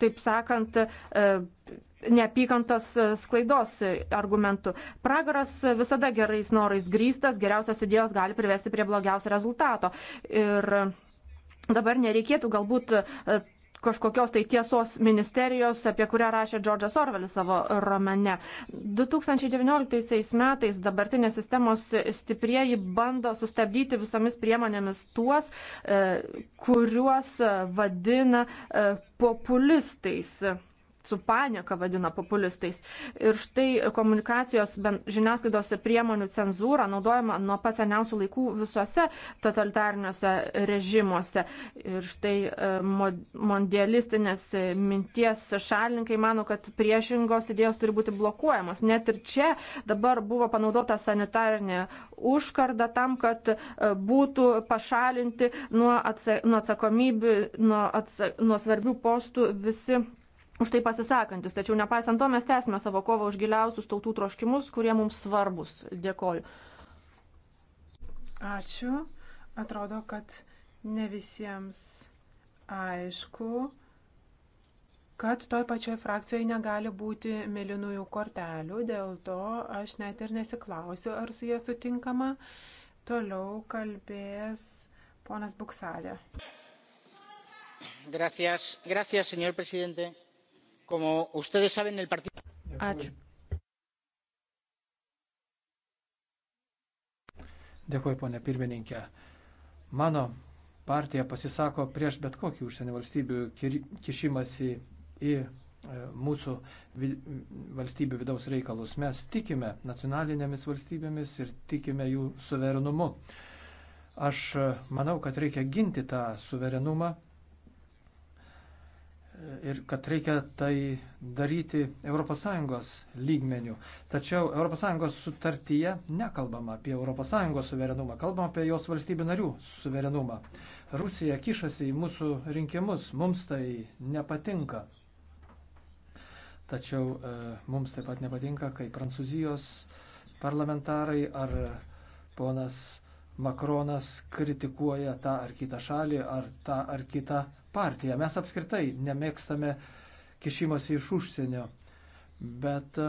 taip sakant, e, neapykantos sklaidos argumentų. Pragaras visada gerais norais grįstas, geriausios idėjos gali privesti prie blogiausio rezultato. Ir dabar nereikėtų galbūt e, kažkokios tai tiesos ministerijos, apie kurią rašė Džordžas Orvelis savo romane. 2019 metais dabartinės sistemos stiprieji bando sustabdyti visomis priemonėmis tuos, e, kuriuos e, vadina e, populistais su panieka vadina populistais. Ir štai komunikacijos žiniasklaidos priemonių cenzūra naudojama nuo pat seniausių laikų visuose totalitariniuose režimuose. Ir štai e, mondialistinės minties šalininkai mano, kad priešingos idėjos turi būti blokuojamos. Net ir čia dabar buvo panaudota sanitarinė užkarda tam, kad e, būtų pašalinti nuo, atsa nuo atsakomybių, nuo, atsa nuo svarbių postų visi už tai pasisakantis. Tačiau nepaisant to mes tęsime savo kovą už giliausius tautų troškimus, kurie mums svarbus. Dėkoju. Ačiū. Atrodo, kad ne visiems aišku, kad toj pačioj frakcijoje negali būti mėlynųjų kortelių, dėl to aš net ir nesiklausiu, ar su jie sutinkama. Toliau kalbės ponas Buksadė. Gracias, gracias, señor presidente como ustedes saben el partido. Ačiū. Dėkuoju, ponė pirmininkė. Mano partija pasisako prieš bet kokį užsienio valstybių kišimasi į e, mūsų valstybių vidaus reikalus. Mes tikime nacionalinėmis valstybėmis ir tikime jų suverenumu. Aš e, manau, kad reikia ginti tą suverenumą ir kad reikia tai daryti ES lygmenių. Tačiau ES sutartyje nekalbama apie ES suverenumą, kalbama apie jos valstybių narių suverenumą. Rusija kišasi į mūsų rinkimus, mums tai nepatinka. Tačiau e, mums taip pat nepatinka, kai prancūzijos parlamentarai ar ponas Makronas kritikuoja tą ar kitą šalį, ar tą ar kitą partiją. Mes apskritai nemėgstame kišimosi iš užsienio, bet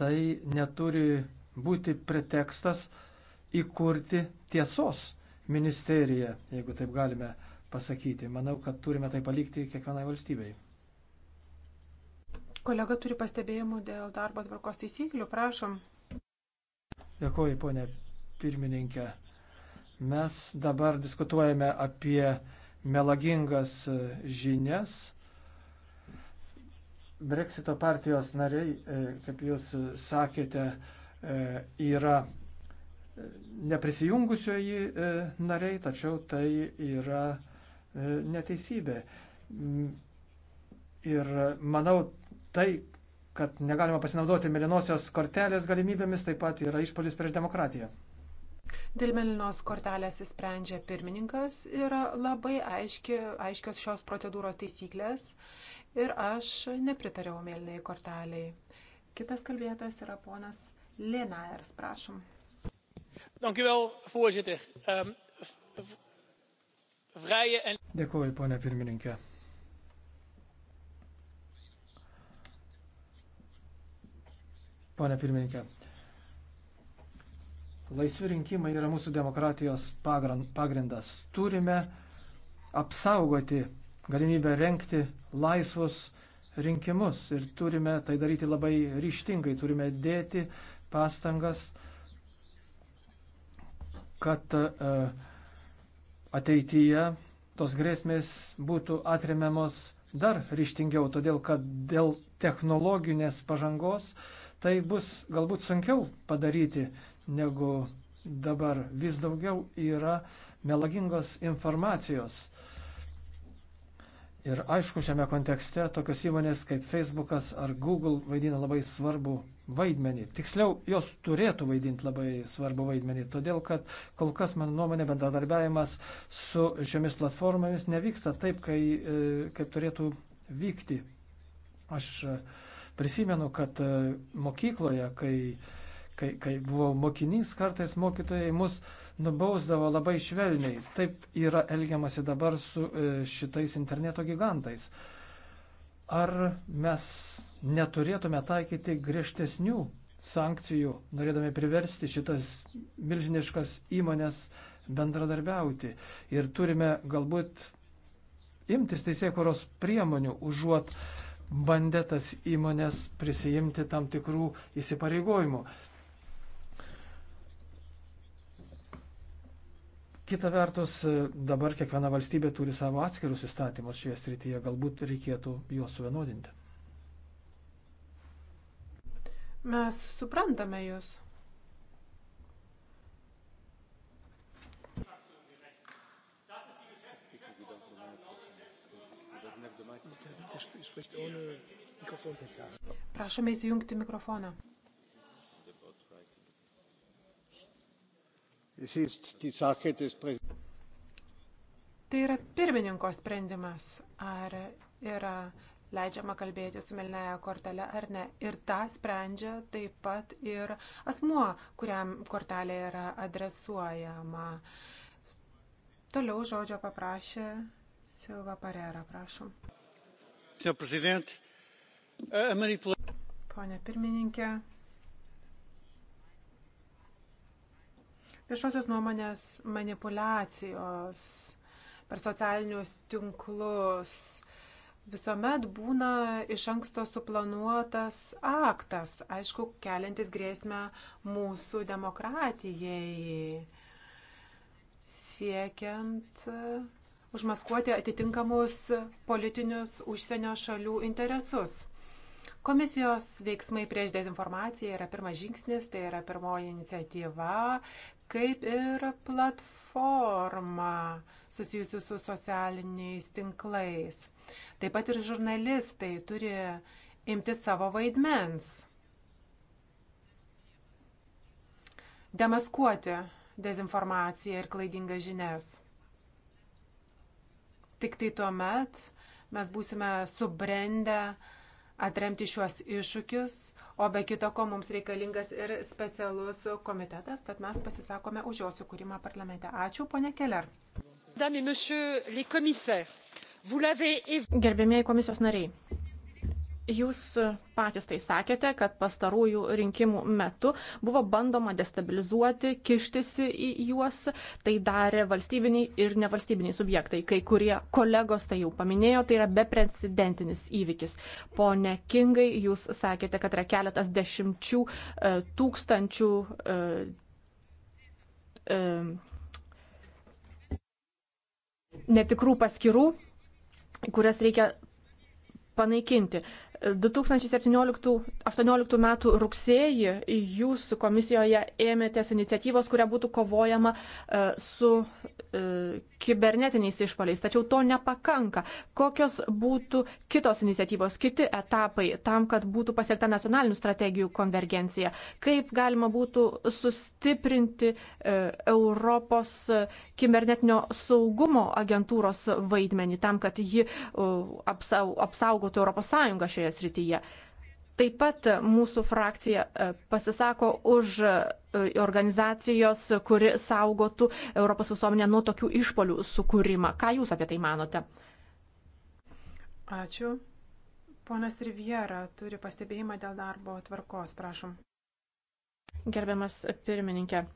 tai neturi būti pretekstas įkurti tiesos ministeriją, jeigu taip galime pasakyti. Manau, kad turime tai palikti kiekvienai valstybei. Kolega turi pastebėjimų dėl darbo tvarkos taisyklių, prašom. Dėkuoju, ponė pirmininkė. Mes dabar diskutuojame apie melagingas žinias. Brexito partijos nariai, e, kaip jūs sakėte, e, yra neprisijungusioji e, nariai, tačiau tai yra neteisybė. Ir manau, tai, kad negalima pasinaudoti mėlynosios kortelės galimybėmis, taip pat yra išpolis prieš demokratiją. Dėl melinos kortelės įsprendžia pirmininkas, yra labai aiški, aiškios šios procedūros taisyklės ir aš nepritariau meliniai korteliai. Kitas kalbėtojas yra ponas Lenaers, prašom. Ehm, Dėkuoju, ponė pirmininkė. Pone pirmininkė, Laisvi rinkimai yra mūsų demokratijos pagrindas. Turime apsaugoti galimybę renkti laisvus rinkimus ir turime tai daryti labai ryštingai, turime dėti pastangas, kad e, ateityje tos grėsmės būtų atremiamos dar ryštingiau, todėl kad dėl technologinės pažangos tai bus galbūt sunkiau padaryti, negu dabar. Vis daugiau yra melagingos informacijos. Ir aišku, šiame kontekste tokios įmonės kaip Facebookas ar Google vaidina labai svarbu vaidmenį. Tiksliau, jos turėtų vaidinti labai svarbu vaidmenį, todėl kad kol kas, mano nuomonė, bendradarbiavimas su šiomis platformomis nevyksta taip, kai, e, kaip turėtų vykti. Aš e, prisimenu, kad e, mokykloje, kai kai, kai buvau mokinys, kartais mokytojai mus nubausdavo labai švelniai. Taip yra elgiamasi dabar su e, šitais interneto gigantais. Ar mes neturėtume taikyti griežtesnių sankcijų, norėdami priversti šitas milžiniškas įmonės bendradarbiauti. Ir turime galbūt imtis teisėkuros priemonių, užuot bandę tas įmonės prisijimti tam tikrų įsipareigojimų. Kita vertus, dabar kiekviena valstybė turi savo atskirus įstatymus šioje srityje, galbūt reikėtų juos suvienodinti. Mes suprantame jūs. Prašome įsijungti mikrofoną. Tai yra pirmininko sprendimas, ar yra leidžiama kalbėti su melnėje kortelė ar ne. Ir tą sprendžia taip pat ir asmuo, kuriam kortelė yra adresuojama. Toliau žodžio paprašė Silva Parera, prašom. Pone pirmininkė, viešosios nuomonės manipulacijos per socialinius tinklus visuomet būna iš anksto suplanuotas aktas, aišku, keliantis grėsmę mūsų demokratijai, siekiant e, užmaskuoti atitinkamus politinius užsienio šalių interesus. Komisijos veiksmai prieš dezinformaciją yra pirmas žingsnis, tai yra pirmoji iniciatyva, kaip ir platforma susijusi su socialiniais tinklais. Taip pat ir žurnalistai turi imti savo vaidmens. Demaskuoti dezinformaciją ir klaidingas žinias. Tik tai tuo met mes būsime subrendę atremti šiuos iššūkius, O be kita ko mums reikalingas ir specialus komitetas, tad mes pasisakome už jos įkūrimą parlamente. Ačiū, ponė Keller. Gerbiamieji komisijos nariai, Jūs patys tai sakėte, kad pastarųjų rinkimų metu buvo bandoma destabilizuoti, kištisi į juos. Tai darė valstybiniai ir nevalstybiniai subjektai. Kai kurie kolegos tai jau paminėjo, tai yra beprecedentinis įvykis. Pone Kingai, jūs sakėte, kad yra keletas dešimčių e, tūkstančių. E, e, netikrų paskirų, kurias reikia panaikinti. 2017-2018 metų rugsėjį jūs komisijoje ėmėtės iniciatyvos, kuria būtų kovojama e, su e, kibernetiniais išpaliais, tačiau to nepakanka. Kokios būtų kitos iniciatyvos, kiti etapai tam, kad būtų pasiekta nacionalinių strategijų konvergencija? Kaip galima būtų sustiprinti e, Europos kibernetinio saugumo agentūros vaidmenį tam, kad ji uh, apsaugotų ES šioje srityje. Taip pat mūsų frakcija uh, pasisako už uh, organizacijos, kuri saugotų Europos visuomenę nuo tokių išpolių sukūrimą. Ką Jūs apie tai manote? Ačiū. Ponas Riviera turi pastebėjimą dėl darbo tvarkos, prašom. Gerbiamas pirmininkė,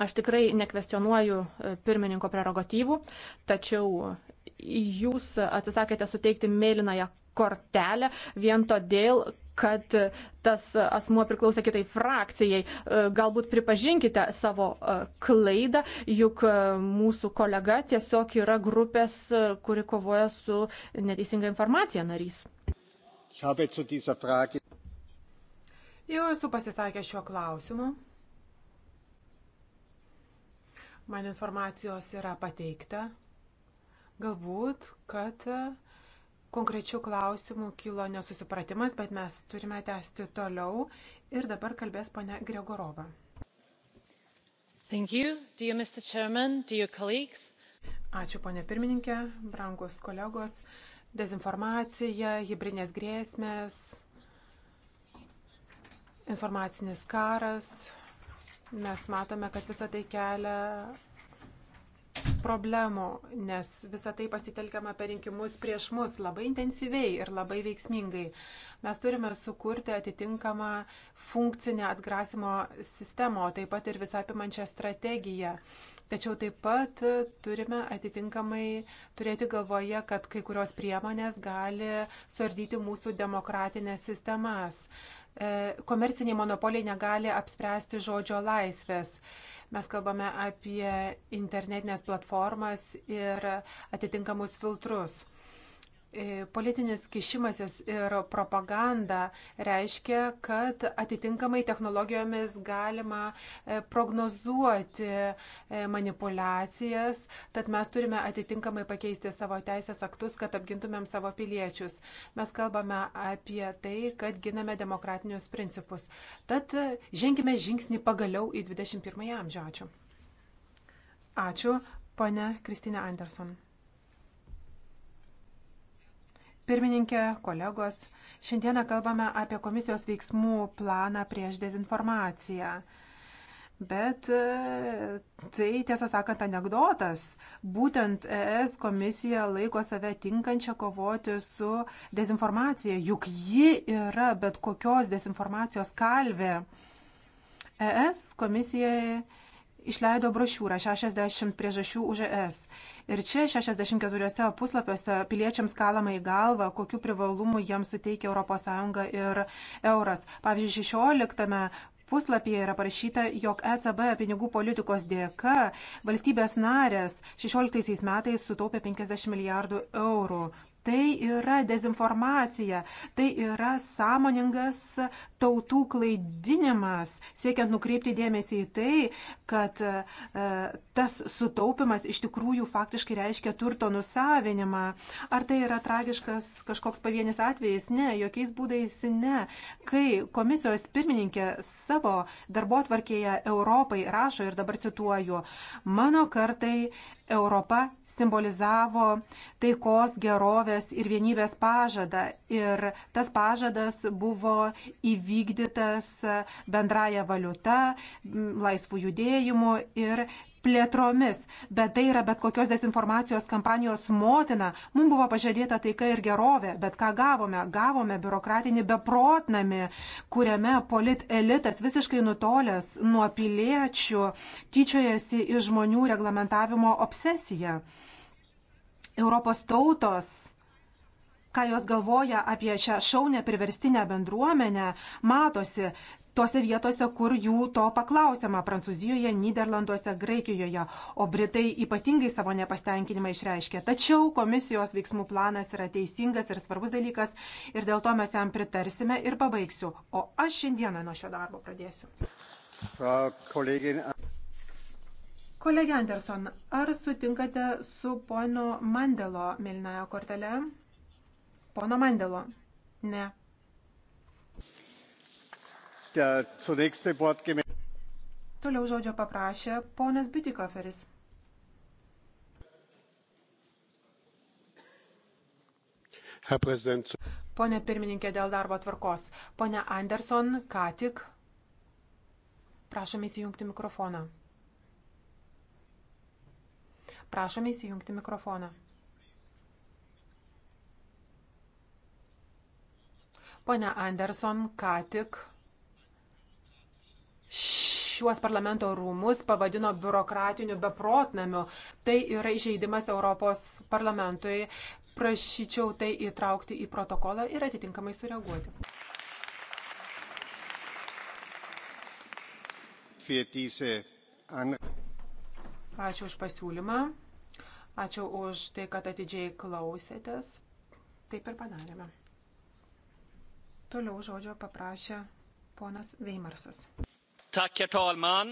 Aš tikrai nekvestionuoju e, pirmininko prerogatyvų, tačiau jūs atsisakėte suteikti mėlynąją kortelę vien todėl, kad tas asmuo priklausė kitai frakcijai. E, galbūt pripažinkite savo e, klaidą, juk mūsų kolega tiesiog yra grupės, kuri kovoja su neteisinga informacija narys. Jau esu pasisakęs šiuo klausimu man informacijos yra pateikta. Galbūt, kad konkrečių klausimų kilo nesusipratimas, bet mes turime tęsti toliau. Ir dabar kalbės pane Gregorova. Ačiū, ponė pirmininkė, brangus kolegos. Dezinformacija, hybridinės grėsmės, informacinis karas, Mes matome, kad visą tai kelia problemų, nes visą tai pasitelkiama per rinkimus prieš mus labai intensyviai ir labai veiksmingai. Mes turime sukurti atitinkamą funkcinę atgrasimo sistemą, o taip pat ir visapimančią strategiją, Tačiau taip pat turime atitinkamai turėti galvoje, kad kai kurios priemonės gali sardyti mūsų demokratinės sistemas. E, komerciniai monopoliai negali apspręsti žodžio laisvės. Mes kalbame apie internetinės platformas ir atitinkamus filtrus. E, politinis kišimasis ir propaganda reiškia, kad atitinkamai technologijomis galima e, prognozuoti e, manipulacijas, tad mes turime atitinkamai pakeisti savo teisės aktus, kad apgintumėm savo piliečius. Mes kalbame apie tai, kad giname demokratinius principus. Tad ženkime žingsnį pagaliau į 21 amžių. Ačiū. Ačiū, ponia Kristina Anderson. Pirmininkė, kolegos, šiandieną kalbame apie komisijos veiksmų planą prieš dezinformaciją. Bet e, tai, tiesą sakant, anegdotas. Būtent ES komisija laiko save tinkančią kovoti su dezinformacija, juk ji yra bet kokios dezinformacijos kalvė. ES komisijai išleido brošiūrą 60 priežasčių už ES. Ir čia 64 puslapiuose piliečiams kalama į galvą, kokiu privalumu jiems suteikia ES ir euras. Pavyzdžiui, 16 puslapyje yra parašyta, jog ECB pinigų politikos dėka valstybės narės 16 metais sutaupė 50 milijardų eurų. Tai yra dezinformacija, tai yra sąmoningas tautų klaidinimas, siekiant nukreipti dėmesį į tai, kad e, tas sutaupimas iš tikrųjų faktiškai reiškia turto nusavinimą. Ar tai yra tragiškas kažkoks pavienis atvejis? Ne, jokiais būdais ne. Kai komisijos pirmininkė savo darbo tvarkėje Europai rašo ir dabar cituoju, mano kartai Europa simbolizavo taikos, gerovės ir vienybės pažadą. Ir tas pažadas buvo įvykdytas bendraja valiuta, laisvų judėjimų ir plėtromis, bet tai yra bet kokios dezinformacijos kampanijos motina. Mums buvo pažadėta taika ir gerovė, bet ką gavome? Gavome biurokratinį beprotnamį, kuriame polit elitas visiškai nutolęs nuo piliečių tyčiojasi iš žmonių reglamentavimo obsesiją. Europos tautos ką jos galvoja apie šią šaunę priverstinę bendruomenę, matosi, tose vietose, kur jų to paklausiama - Prancūzijoje, Niderlanduose, Graikijoje, o Britai ypatingai savo nepastenkinimą išreiškė. Tačiau komisijos veiksmų planas yra teisingas ir svarbus dalykas ir dėl to mes jam pritarsime ir pabaigsiu. O aš šiandieną nuo šio darbo pradėsiu. Kolegė Anderson, ar sutinkate su pono Mandelo mėlynaja kortelė? Pono Mandelo? Ne. Toliau žodžio paprašė ponas Bitikoferis. Pone pirmininkė, dėl darbo tvarkos. Pone Anderson, ką tik. Prašome įsijungti mikrofoną. Prašome įsijungti mikrofoną. Pone Anderson, ką tik šiuos parlamento rūmus pavadino biurokratiniu beprotnamiu. Tai yra įžeidimas Europos parlamentui. Prašyčiau tai įtraukti į protokolą ir atitinkamai sureaguoti. Ačiū už pasiūlymą. Ačiū už tai, kad atidžiai klausėtės. Taip ir padarėme. Toliau žodžio paprašė ponas Veimarsas. Herr talman.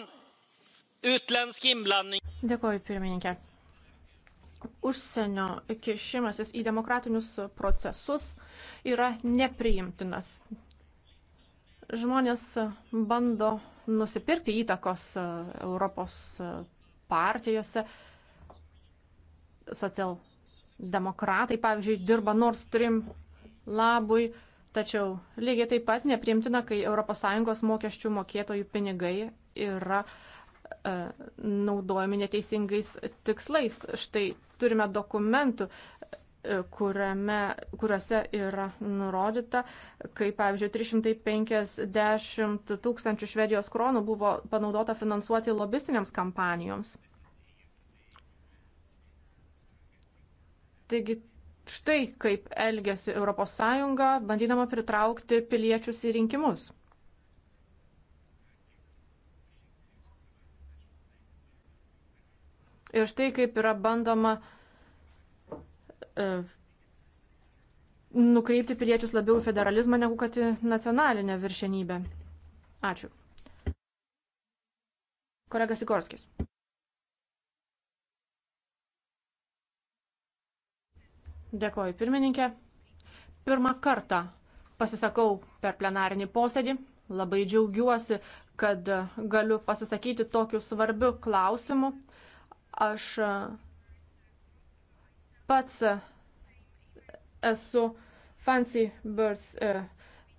Utländsk inblandning. Dėkoju, pirmininkė. Užsienio kišimasis į demokratinius procesus yra nepriimtinas. Žmonės bando nusipirkti įtakos e, Europos e, partijose. Socialdemokratai, pavyzdžiui, dirba Nord Stream labui Tačiau lygiai taip pat nepriimtina, kai ES mokesčių mokėtojų pinigai yra e, naudojami neteisingais tikslais. Štai turime dokumentų, e, kuriame, kuriuose yra nurodyta, kaip pavyzdžiui 350 tūkstančių švedijos kronų buvo panaudota finansuoti lobistiniams kampanijoms. Taigi Štai kaip elgesi ES, bandydama pritraukti piliečius į rinkimus. Ir štai kaip yra bandoma e, nukreipti piliečius labiau į federalizmą negu kad į nacionalinę viršenybę. Ačiū. Kolega Sikorskis. Dėkoju pirmininkė. Pirmą kartą pasisakau per plenarinį posėdį. Labai džiaugiuosi, kad galiu pasisakyti tokiu svarbiu klausimu. Aš pats esu Fancy Birds,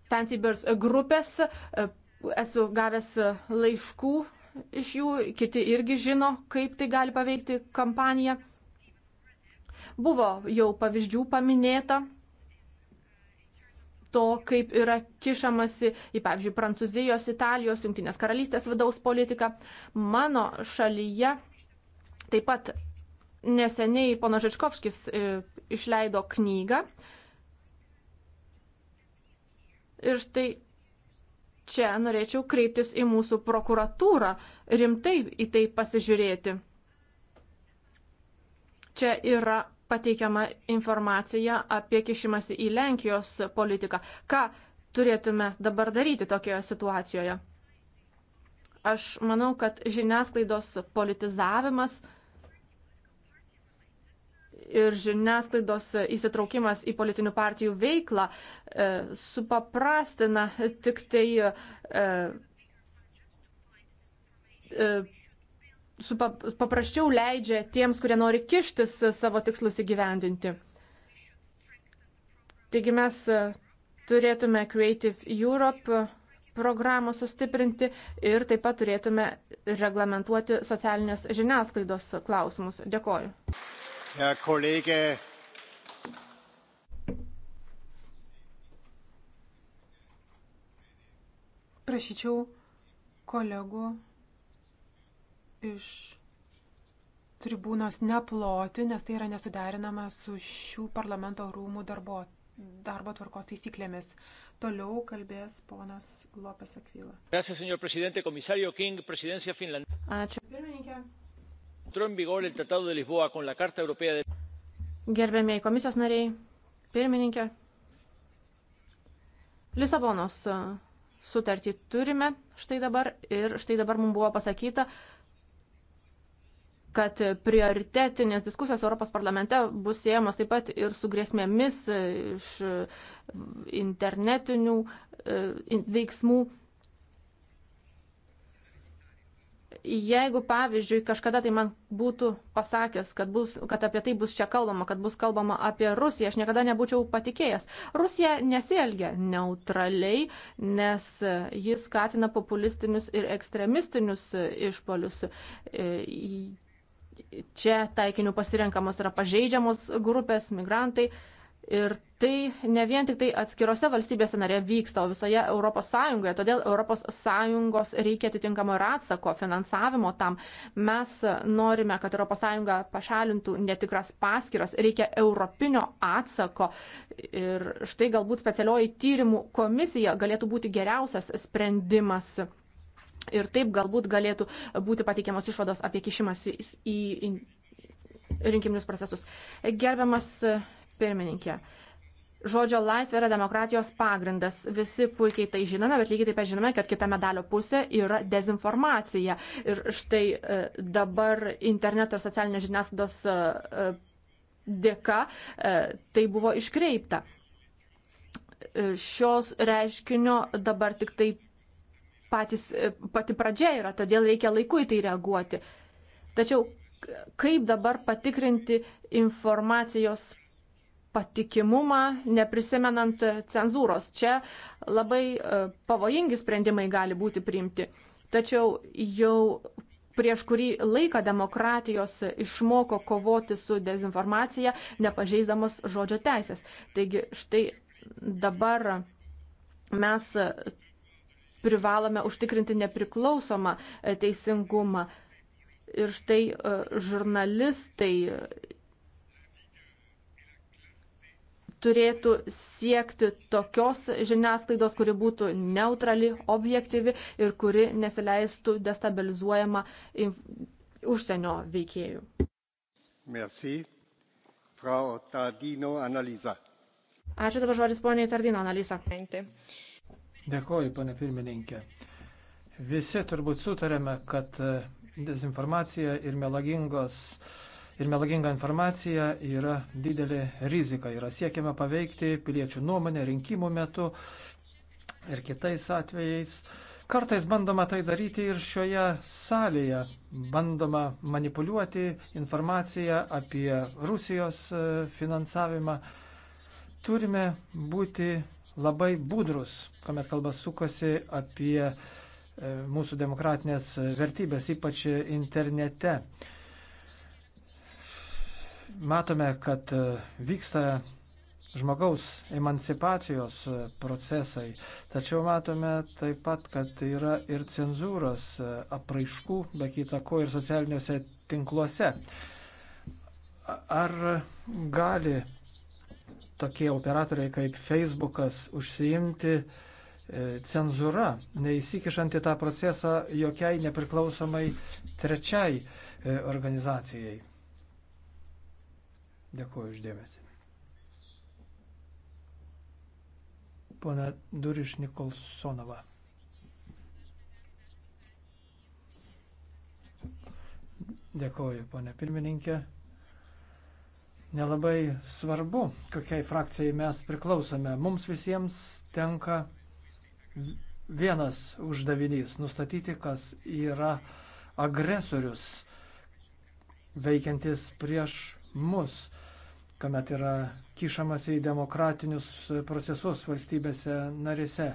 Fancy Birds grupės, esu gavęs laiškų iš jų, kiti irgi žino, kaip tai gali paveikti kampaniją. Buvo jau pavyzdžių paminėta to, kaip yra kišamasi į, pavyzdžiui, Prancūzijos, Italijos, Junktinės karalystės vidaus politiką. Mano šalyje taip pat neseniai pono Žičkovskis e, išleido knygą. Ir štai čia norėčiau kreiptis į mūsų prokuratūrą, rimtai į tai pasižiūrėti. Čia yra pateikiama informacija apie kišimąsi į Lenkijos politiką. Ką turėtume dabar daryti tokioje situacijoje? Aš manau, kad žiniasklaidos politizavimas ir žiniasklaidos įsitraukimas į politinių partijų veiklą e, supaprastina tik tai e, e, su paprasčiau leidžia tiems, kurie nori kištis savo tikslus įgyvendinti. Taigi mes turėtume Creative Europe programą sustiprinti ir taip pat turėtume reglamentuoti socialinės žiniasklaidos klausimus. Dėkoju. Ja, kolegė. Prašyčiau kolegų iš tribūnos neploti, nes tai yra nesuderinama su šių parlamento rūmų darbo, darbo tvarkos taisyklėmis. Toliau kalbės ponas Lopes Akvila. Ačiū, pirmininkė. Gerbėmiai komisijos nariai, pirmininkė, Lisabonos uh, sutartį turime štai dabar ir štai dabar mums buvo pasakyta, kad prioritetinės diskusijos Europos parlamente bus siejamos taip pat ir su grėsmėmis iš e, internetinių e, veiksmų. Jeigu, pavyzdžiui, kažkada tai man būtų pasakęs, kad, bus, kad apie tai bus čia kalbama, kad bus kalbama apie Rusiją, aš niekada nebūčiau patikėjęs. Rusija nesielgia neutraliai, nes jis skatina populistinius ir ekstremistinius išpolius e, čia taikiniu pasirenkamos yra pažeidžiamos grupės, migrantai. Ir tai ne vien tik tai atskirose valstybėse narė vyksta, o visoje ES. Todėl ES reikia atitinkamo ir atsako finansavimo tam. Mes norime, kad ES pašalintų netikras paskiras. Reikia europinio atsako. Ir štai galbūt specialioji tyrimų komisija galėtų būti geriausias sprendimas Ir taip galbūt galėtų būti pateikiamos išvados apie kišimas į, į, į rinkiminius procesus. Gerbiamas e, pirmininkė, žodžio laisvė yra demokratijos pagrindas. Visi puikiai tai žinome, bet lygiai taip pat žinome, kad kita medalio pusė yra dezinformacija. Ir štai e, dabar interneto ir socialinės žiniasklaidos e, dėka tai buvo iškreipta. Šios reiškinio dabar tik taip patys, e, pati pradžia yra, todėl reikia laiku į tai reaguoti. Tačiau kaip dabar patikrinti informacijos patikimumą, neprisimenant cenzūros. Čia labai e, pavojingi sprendimai gali būti priimti. Tačiau jau prieš kurį laiką demokratijos išmoko kovoti su dezinformacija, nepažeisdamos žodžio teisės. Taigi štai dabar mes privalome užtikrinti nepriklausomą e, teisingumą. Ir štai e, žurnalistai turėtų siekti tokios žiniasklaidos, kuri būtų neutrali, objektyvi ir kuri nesileistų destabilizuojama užsienio veikėjų. Merci. Frau Tardino Analiza. Ačiū dabar žodis poniai Tardino Analiza. Thank you. Dėkoju, pane pirmininkė. Visi turbūt sutarėme, kad e, dezinformacija ir, ir melaginga informacija yra didelė rizika. Yra siekiama paveikti piliečių nuomonę rinkimų metu ir kitais atvejais. Kartais bandoma tai daryti ir šioje salėje. Bandoma manipuliuoti informaciją apie Rusijos e, finansavimą. Turime būti labai budrus, kuomet kalba sukasi apie e, mūsų demokratinės vertybės, ypač internete. Matome, kad e, vyksta žmogaus emancipacijos e, procesai, tačiau matome taip pat, kad tai yra ir cenzūros apraiškų, be kita ko ir socialiniuose tinkluose. Ar gali tokie operatoriai kaip Facebookas užsiimti e, cenzūra, neįsikišant į tą procesą jokiai nepriklausomai trečiai e, organizacijai. Dėkuoju uždėmesi. Pone Duriš Nikolsonova. Dėkuoju, pone pirmininkė nelabai svarbu, kokiai frakcijai mes priklausome. Mums visiems tenka vienas uždavinys - nustatyti, kas yra agresorius veikiantis prieš mus, kuomet yra kišamas į demokratinius procesus valstybėse narėse.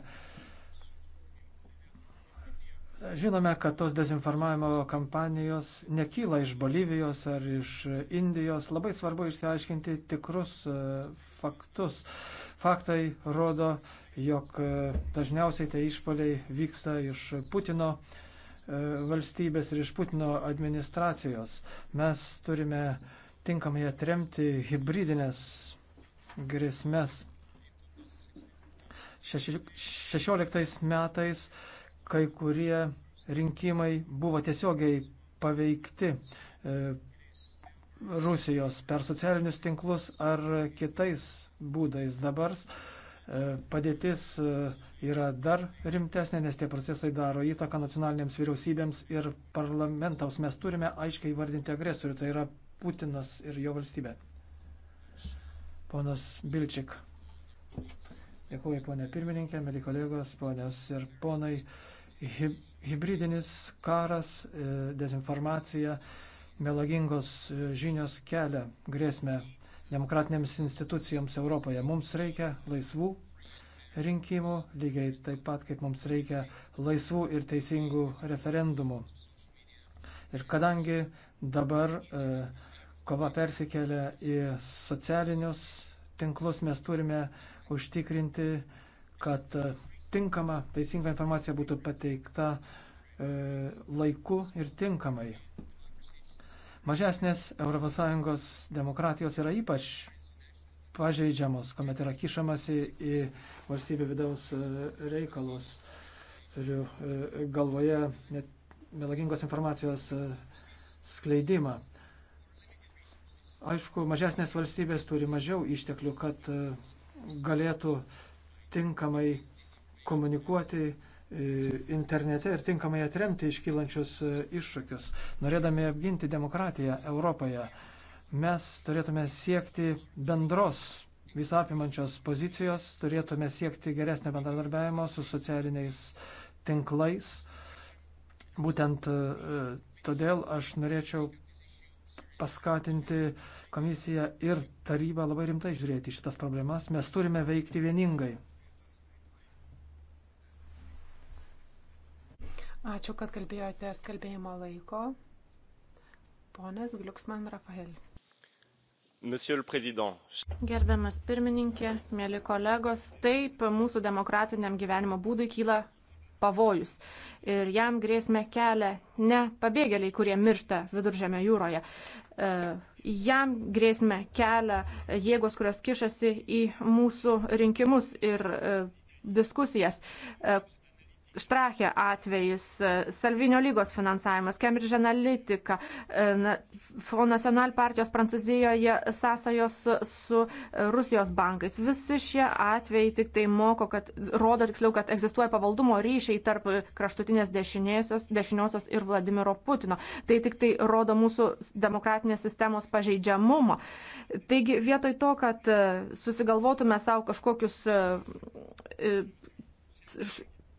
Žinome, kad tos dezinformavimo kampanijos nekyla iš Bolivijos ar iš Indijos. Labai svarbu išsiaiškinti tikrus e, faktus. Faktai rodo, jog e, dažniausiai tai išpoliai vyksta iš Putino e, valstybės ir iš Putino administracijos. Mes turime tinkamai atremti hybridinės grėsmes. 16 metais kai kurie rinkimai buvo tiesiogiai paveikti e, Rusijos per socialinius tinklus ar kitais būdais. Dabar e, padėtis e, yra dar rimtesnė, nes tie procesai daro įtaką nacionalinėms vyriausybėms ir parlamentams. Mes turime aiškiai vardinti agresorių, tai yra Putinas ir jo valstybė. Ponas Bilčik. Dėkuoju, ponė pirmininkė, mėly kolegos, ponės ir ponai. Hybridinis karas, e, dezinformacija, melagingos e, žinios kelia grėsmę demokratinėms institucijoms Europoje. Mums reikia laisvų rinkimų, lygiai taip pat kaip mums reikia laisvų ir teisingų referendumų. Ir kadangi dabar e, kova persikelia į socialinius tinklus, mes turime užtikrinti, kad tinkama, teisinga informacija būtų pateikta e, laiku ir tinkamai. Mažesnės ES demokratijos yra ypač pažeidžiamos, kuomet yra kišamasi į valstybių vidaus e, reikalus. Turiu e, galvoje net melagingos informacijos e, skleidimą. Aišku, mažesnės valstybės turi mažiau išteklių, kad galėtų tinkamai komunikuoti e, internete ir tinkamai atremti iškylančius e, iššūkius. Norėdami apginti demokratiją Europoje, mes turėtume siekti bendros visapimančios pozicijos, turėtume siekti geresnio bendradarbiavimo su socialiniais tinklais. Būtent e, todėl aš norėčiau paskatinti komisiją ir tarybą labai rimtai žiūrėti šitas problemas. Mes turime veikti vieningai. Ačiū, kad kalbėjote skalbėjimo laiko. Ponas Gliuksman Rafael. Gerbiamas pirmininkė, mėly kolegos, taip mūsų demokratiniam gyvenimo būdui kyla pavojus. Ir jam grėsmę kelia ne pabėgėliai, kurie miršta viduržėme jūroje. E, jam grėsmę kelia jėgos, kurios kišasi į mūsų rinkimus ir e, diskusijas. E, Štrachė atvejis, e, Salvinio lygos finansavimas, Cambridge Analytica, e, Front National partijos Prancūzijoje sąsajos su Rusijos bankais. Visi šie atvejai tik tai moko, kad rodo tiksliau, kad egzistuoja pavaldumo ryšiai tarp kraštutinės dešiniosios ir Vladimiro Putino. Tai tik tai rodo mūsų demokratinės sistemos pažeidžiamumą. Taigi vietoj to, kad e, susigalvotume savo kažkokius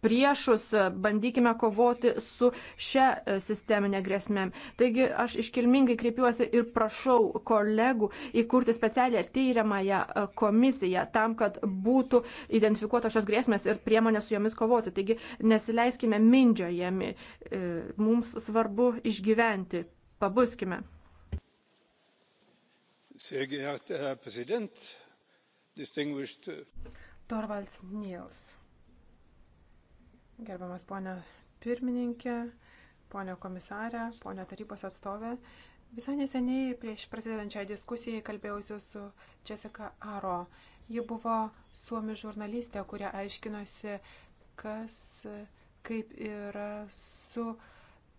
priešus, bandykime kovoti su šia e, sisteminė grėsmė. Taigi aš iškilmingai kreipiuosi ir prašau kolegų įkurti specialią tyriamąją e, komisiją tam, kad būtų identifikuotos šios grėsmės ir priemonės su jomis kovoti. Taigi nesileiskime mindžiojami. E, mums svarbu išgyventi. Pabuskime. Sehr geehrter Herr Präsident, distinguished äh, Torvalds Niels. Gerbiamas ponė pirmininkė, ponė komisarė, ponė tarybos atstovė. Visai neseniai prieš prasidedant šią diskusiją kalbėjausi su Jessica Aro. Ji buvo suomi žurnalistė, kurie aiškinosi, kas kaip yra su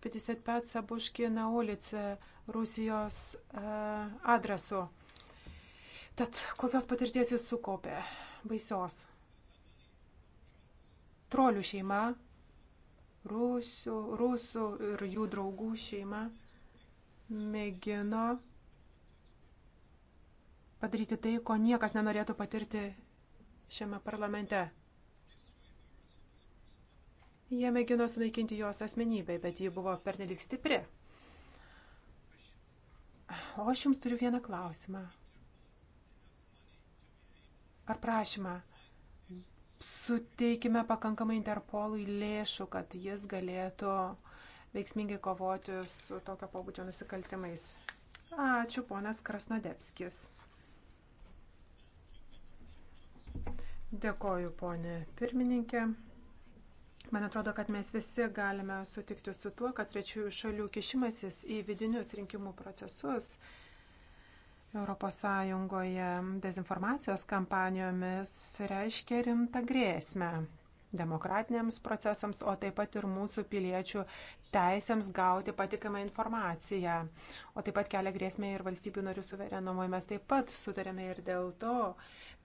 55 Sabuškina ulice Rusijos e, adresu. Tad kokios patirties jis sukopė? Baisios trolių šeima, rusų, rusų ir jų draugų šeima mėgino padaryti tai, ko niekas nenorėtų patirti šiame parlamente. Jie mėgino sunaikinti jos asmenybę, bet ji buvo pernelik stipri. O aš jums turiu vieną klausimą. Ar prašymą, suteikime pakankamai Interpolui lėšų, kad jis galėtų veiksmingai kovoti su tokio pobūdžio nusikaltimais. Ačiū, ponas Krasnodepskis. Dėkoju, ponė pirmininkė. Man atrodo, kad mes visi galime sutikti su tuo, kad trečiųjų šalių kišimasis į vidinius rinkimų procesus ES dezinformacijos kampanijomis reiškia rimtą grėsmę demokratiniams procesams, o taip pat ir mūsų piliečių teisėms gauti patikimą informaciją. O taip pat kelia grėsmė ir valstybių narių suverenumui. Mes taip pat sutarėme ir dėl to,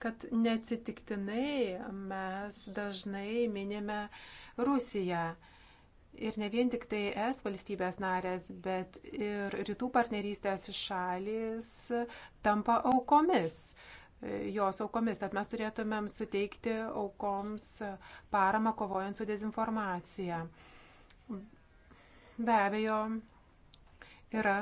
kad neatsitiktinai mes dažnai minime Rusiją. Ir ne vien tik tai es valstybės narės, bet ir rytų partnerystės šalis tampa aukomis jos aukomis. Tad mes turėtumėm suteikti aukoms paramą kovojant su dezinformacija. Be abejo, yra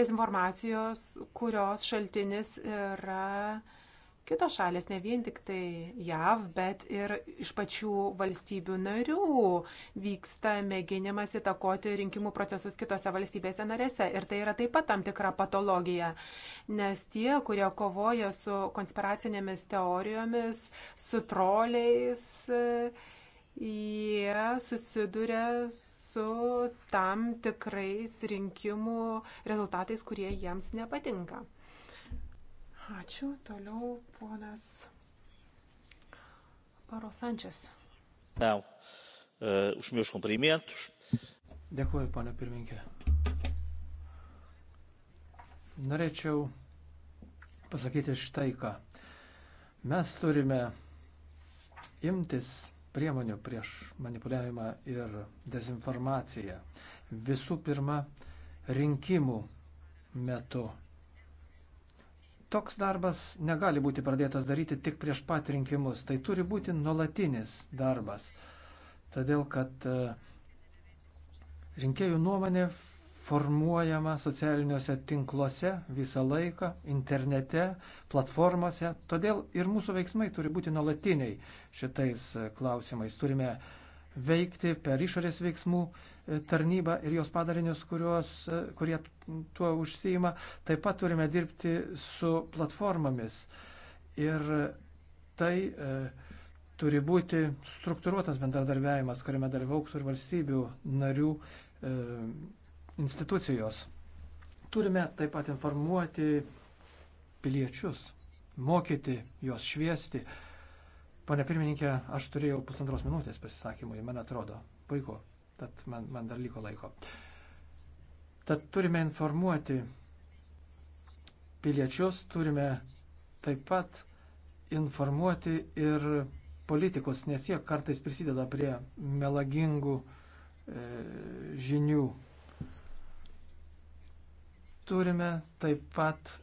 dezinformacijos, kurios šaltinis yra uh, kitos šalės, ne vien tik tai JAV, bet ir iš pačių valstybių narių vyksta mėginimas įtakoti rinkimų procesus kitose valstybėse narėse. Ir tai yra taip pat tam tikra patologija, nes tie, kurie kovoja su konspiracinėmis teorijomis, su troliais, jie susiduria su tam tikrais rinkimų rezultatais, kurie jiems nepatinka. Ačiū. Toliau ponas Paro Sančias. Now, uh, e, už meus cumprimentos. Dėkuoju, ponė pirminkė. Norėčiau pasakyti štai ką. Mes turime imtis priemonių prieš manipuliavimą ir dezinformaciją. Visų pirma, rinkimų metu Toks darbas negali būti pradėtas daryti tik prieš pat rinkimus. Tai turi būti nuolatinis darbas. Todėl, kad e, rinkėjų nuomonė formuojama socialiniuose tinkluose visą laiką, internete, platformose. Todėl ir mūsų veiksmai turi būti nuolatiniai šitais e, klausimais. Turime veikti per išorės veiksmų tarnybą ir jos padarinius, kurios, kurie tuo užsijima. Taip pat turime dirbti su platformomis. Ir tai e, turi būti struktūruotas bendradarbiavimas, kuriame dalyvauktų ir valstybių narių e, institucijos. Turime taip pat informuoti piliečius, mokyti juos šviesti. Pone pirmininkė, aš turėjau pusantros minutės pasisakymui, man atrodo. Puiku tad man, man dar liko laiko. Tad turime informuoti piliečius, turime taip pat informuoti ir politikus, nes jie kartais prisideda prie melagingų e, žinių. Turime taip pat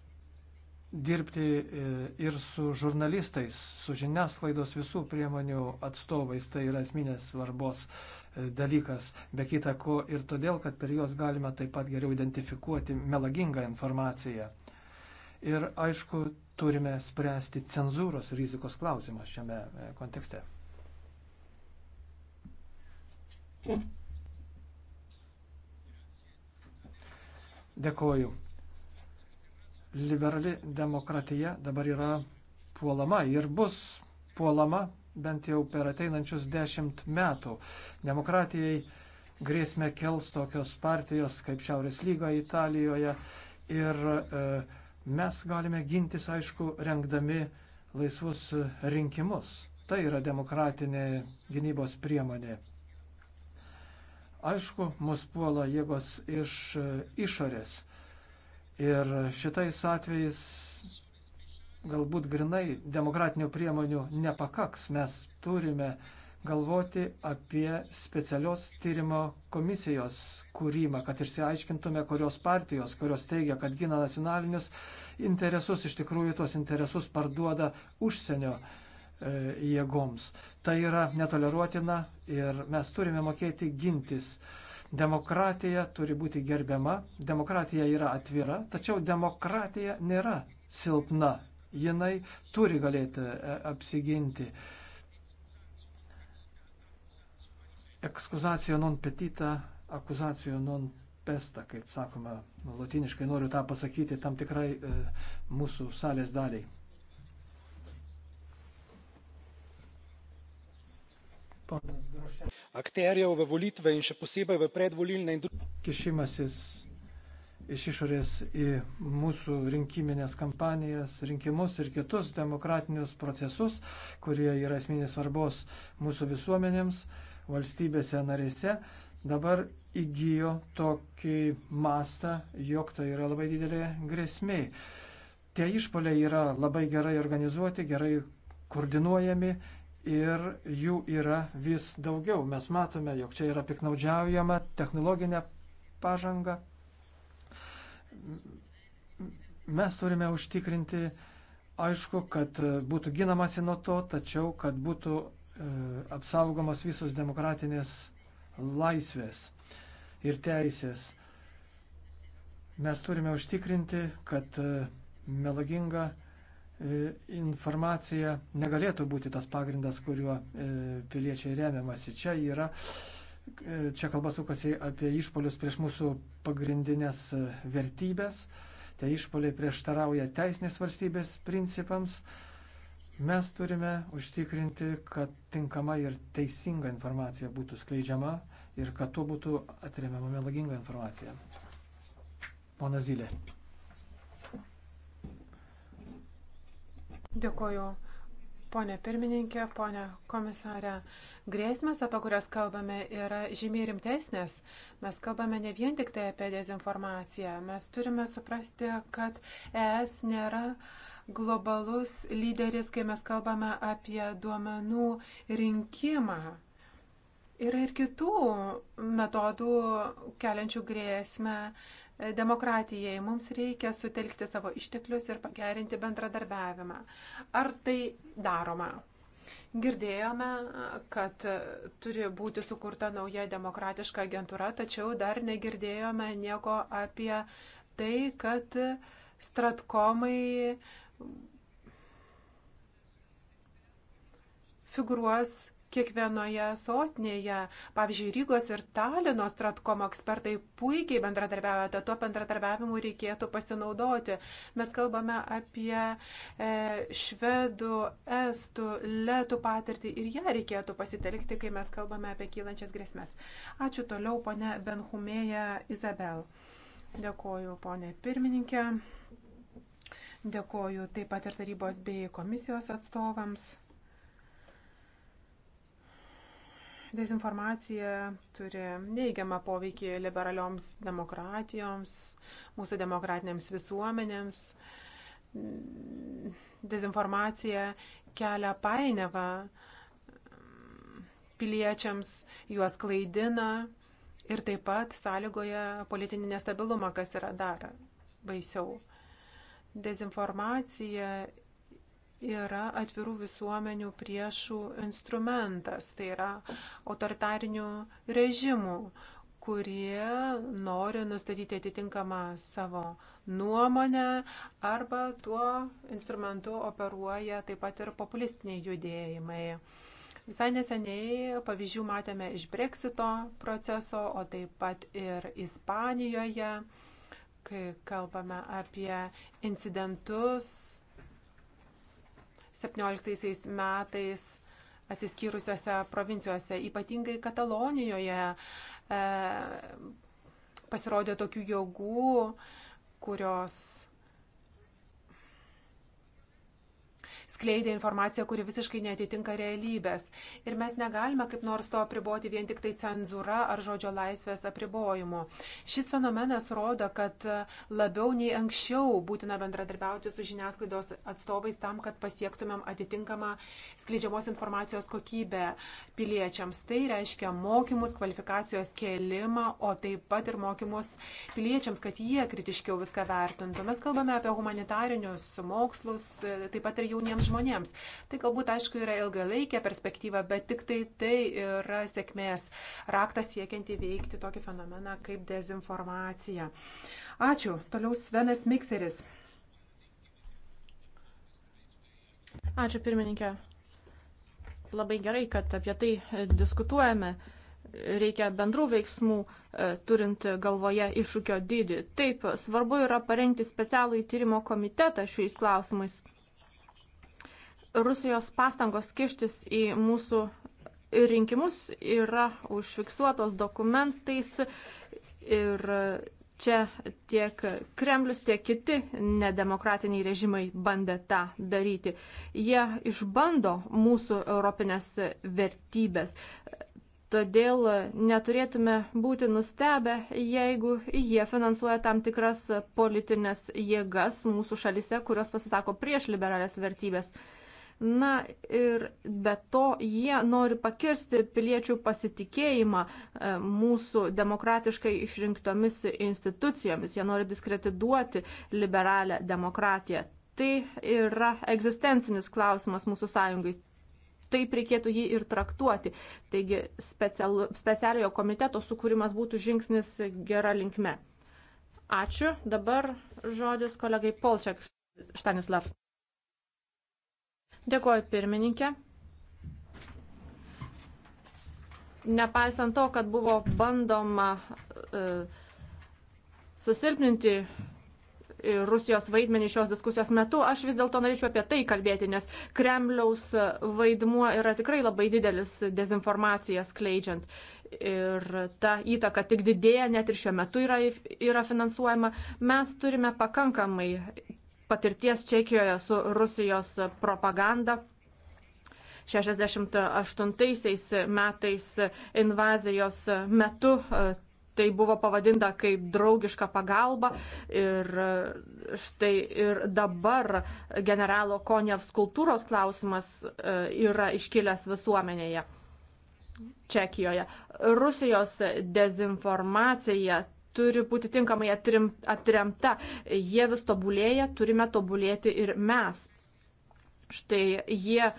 dirbti e, ir su žurnalistais, su žiniasklaidos visų priemonių atstovais, tai yra esminės svarbos dalykas, be kita ko ir todėl, kad per juos galime taip pat geriau identifikuoti melagingą informaciją. Ir aišku, turime spręsti cenzūros rizikos klausimą šiame e, kontekste. Dėkoju. Liberali demokratija dabar yra puolama ir bus puolama bent jau per ateinančius dešimt metų. Demokratijai grėsmę kels tokios partijos kaip Šiaurės lyga Italijoje ir e, mes galime gintis, aišku, rengdami laisvus rinkimus. Tai yra demokratinė gynybos priemonė. Aišku, mus puola jėgos iš e, išorės. Ir šitais atvejais galbūt grinai demokratinių priemonių nepakaks. Mes turime galvoti apie specialios tyrimo komisijos kūrimą, kad išsiaiškintume, kurios partijos, kurios teigia, kad gina nacionalinius interesus, iš tikrųjų tuos interesus parduoda užsienio e, jėgoms. Tai yra netoleruotina ir mes turime mokėti gintis. Demokratija turi būti gerbiama, demokratija yra atvira, tačiau demokratija nėra silpna jinai turi galėti e, apsiginti. Ekskuzacijo non petita, akuzacijo non pesta, kaip sakoma, latiniškai noriu tą pasakyti tam tikrai e, mūsų salės daliai. Akterjev v volitve in še posebej v predvolilne in druge. Kišimasis iš išorės į mūsų rinkiminės kampanijas, rinkimus ir kitus demokratinius procesus, kurie yra esminės svarbos mūsų visuomenėms, valstybėse narėse, dabar įgyjo tokį mastą, jog tai yra labai didelė grėsmė. Tie išpoliai yra labai gerai organizuoti, gerai koordinuojami ir jų yra vis daugiau. Mes matome, jog čia yra piknaudžiaujama technologinė pažanga, mes turime užtikrinti, aišku, kad e, būtų ginamasi nuo to, tačiau kad būtų e, apsaugomos visos demokratinės laisvės ir teisės. Mes turime užtikrinti, kad e, melaginga informacija negalėtų būti tas pagrindas, kuriuo piliečiai remiamasi. Čia yra Čia kalba sukasi apie išpolius prieš mūsų pagrindinės vertybės. Tie išpoliai prieštarauja teisinės valstybės principams. Mes turime užtikrinti, kad tinkama ir teisinga informacija būtų skleidžiama ir kad tuo būtų atremiama melaginga informacija. Pona Zylė. Dėkoju Pone pirmininkė, pone komisarė, grėsmės, apie kurias kalbame, yra žymiai rimtesnės. Mes kalbame ne vien tik tai apie dezinformaciją. Mes turime suprasti, kad ES nėra globalus lyderis, kai mes kalbame apie duomenų rinkimą. Yra ir kitų metodų keliančių grėsmę demokratijai. Mums reikia sutelkti savo išteklius ir pagerinti bendradarbiavimą. Ar tai daroma? Girdėjome, kad turi būti sukurta nauja demokratiška agentūra, tačiau dar negirdėjome nieko apie tai, kad stratkomai figuruos kiekvienoje sostinėje. Pavyzdžiui, Rygos ir Talino Stratkomo ekspertai puikiai bendradarbiavo, tad tuo bendradarbiavimu reikėtų pasinaudoti. Mes kalbame apie e, švedų, estų, lėtų patirtį ir ją reikėtų pasitelkti, kai mes kalbame apie kylančias grėsmės. Ačiū toliau, ponė Benhumėja Izabel. Dėkoju, ponė pirmininkė. Dėkoju taip pat ir tarybos bei komisijos atstovams. Dezinformacija turi neigiamą poveikį liberalioms demokratijoms, mūsų demokratinėms visuomenėms. Dezinformacija kelia painiavą mm, piliečiams, juos klaidina ir taip pat sąlygoja politinį nestabilumą, kas yra dar baisiau. Dezinformacija yra atvirų visuomenių priešų instrumentas, tai yra autoritarinių režimų, kurie nori nustatyti atitinkamą savo nuomonę arba tuo instrumentu operuoja taip pat ir populistiniai judėjimai. Visai neseniai pavyzdžių matėme iš Brexito proceso, o taip pat ir Ispanijoje, kai kalbame apie incidentus 17 metais atsiskyrusiose provincijose, ypatingai Katalonijoje, e, pasirodė tokių jėgų, kurios skleidė informaciją, kuri visiškai netitinka realybės. Ir mes negalime kaip nors to apriboti vien tik tai cenzūra ar žodžio laisvės apribojimu. Šis fenomenas rodo, kad labiau nei anksčiau būtina bendradarbiauti su žiniasklaidos atstovais tam, kad pasiektumėm atitinkamą skleidžiamos informacijos kokybę piliečiams. Tai reiškia mokymus, kvalifikacijos kėlimą, o taip pat ir mokymus piliečiams, kad jie kritiškiau viską vertintų. Mes kalbame apie humanitarinius mokslus, taip pat ir jauniems žmonėms žmonėms. Tai galbūt, aišku, yra ilgalaikė perspektyva, bet tik tai tai yra sėkmės raktas siekiant įveikti tokį fenomeną kaip dezinformacija. Ačiū. Toliau Svenas Mikseris. Ačiū pirmininkė. Labai gerai, kad apie tai diskutuojame reikia bendrų veiksmų, e, turint galvoje iššūkio dydį. Taip, svarbu yra parengti specialų įtyrimo komitetą šiais klausimais. Rusijos pastangos kištis į mūsų rinkimus yra užfiksuotos dokumentais ir čia tiek Kremlius, tiek kiti nedemokratiniai režimai bandė tą daryti. Jie išbando mūsų europinės vertybės. Todėl neturėtume būti nustebę, jeigu jie finansuoja tam tikras politinės jėgas mūsų šalise, kurios pasisako prieš liberalės vertybės. Na ir be to jie nori pakirsti piliečių pasitikėjimą e, mūsų demokratiškai išrinktomis institucijomis. Jie nori diskredituoti liberalę demokratiją. Tai yra egzistencinis klausimas mūsų sąjungai taip reikėtų jį ir traktuoti. Taigi specialu, specialiojo komiteto sukūrimas būtų žingsnis gera linkme. Ačiū. Dabar žodis kolegai Polčiak Štanislav. Dėkuoju pirmininkė. Nepaisant to, kad buvo bandoma e, susilpninti Rusijos vaidmenį šios diskusijos metu, aš vis dėlto norėčiau apie tai kalbėti, nes Kremliaus vaidmuo yra tikrai labai didelis dezinformaciją skleidžiant. Ir ta įtaka tik didėja, net ir šiuo metu yra, yra finansuojama. Mes turime pakankamai patirties Čekijoje su Rusijos propaganda. 68 metais invazijos metu e, tai buvo pavadinta kaip draugiška pagalba ir e, štai ir dabar generalo Konevs kultūros klausimas e, yra iškilęs visuomenėje. Čekijoje. Rusijos dezinformacija turi būti tinkamai atrim, atremta. Jie vis tobulėja, turime tobulėti ir mes. Štai jie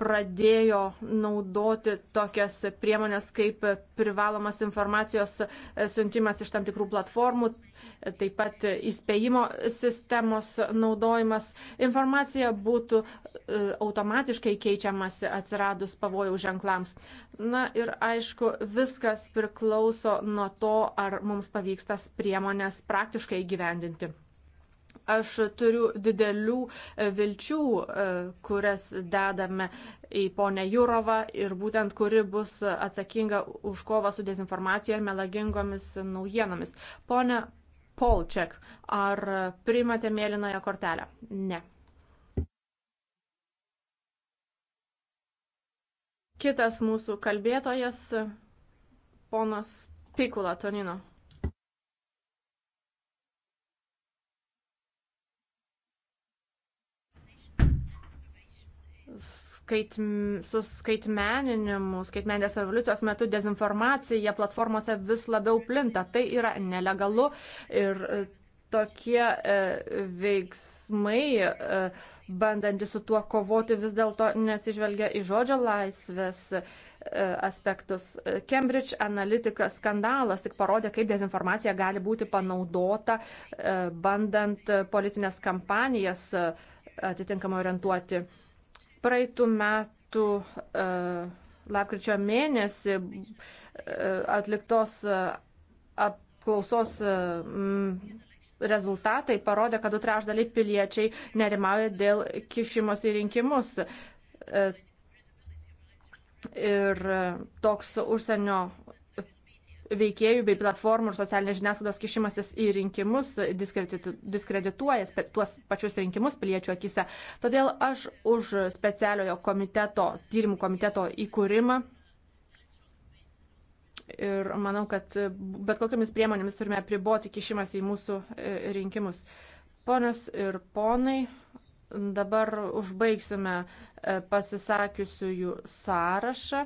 pradėjo naudoti tokias priemonės kaip privalomas informacijos siuntimas iš tam tikrų platformų, taip pat įspėjimo sistemos naudojimas. Informacija būtų e, automatiškai keičiamasi atsiradus pavojų ženklams. Na ir aišku, viskas priklauso nuo to, ar mums pavyks tas priemonės praktiškai gyvendinti. Aš turiu didelių e, vilčių, e, kurias dedame į ponę Jūrovą ir būtent kuri bus atsakinga už kovą su dezinformacija ir melagingomis naujienomis. Pone Polček, ar priimate mėlynąją kortelę? Ne. Kitas mūsų kalbėtojas, ponas Pikula Tonino. skaitm, su skaitmeninimu, skaitmeninės revoliucijos metu dezinformacija platformose vis labiau plinta. Tai yra nelegalu ir e, tokie e, veiksmai, e, bandantys su tuo kovoti, vis dėlto nesižvelgia į žodžio laisvės e, aspektus. Cambridge Analytica skandalas tik parodė, kaip dezinformacija gali būti panaudota, e, bandant politinės kampanijas e, atitinkamai orientuoti. Praeitų metų e, lapkričio mėnesį e, atliktos e, apklausos rezultatai parodė, kad du trešdaliai piliečiai nerimauja dėl kišimos į rinkimus. Ir toks užsienio veikėjų bei platformų ir socialinės žiniasklaidos kišimasis į rinkimus diskredituoja tuos pačius rinkimus piliečių akise. Todėl aš už specialiojo komiteto, tyrimų komiteto įkūrimą. Ir manau, kad bet kokiamis priemonėmis turime priboti kišimas į mūsų e, rinkimus. Ponios ir ponai, dabar užbaigsime e, pasisakiusiųjų sąrašą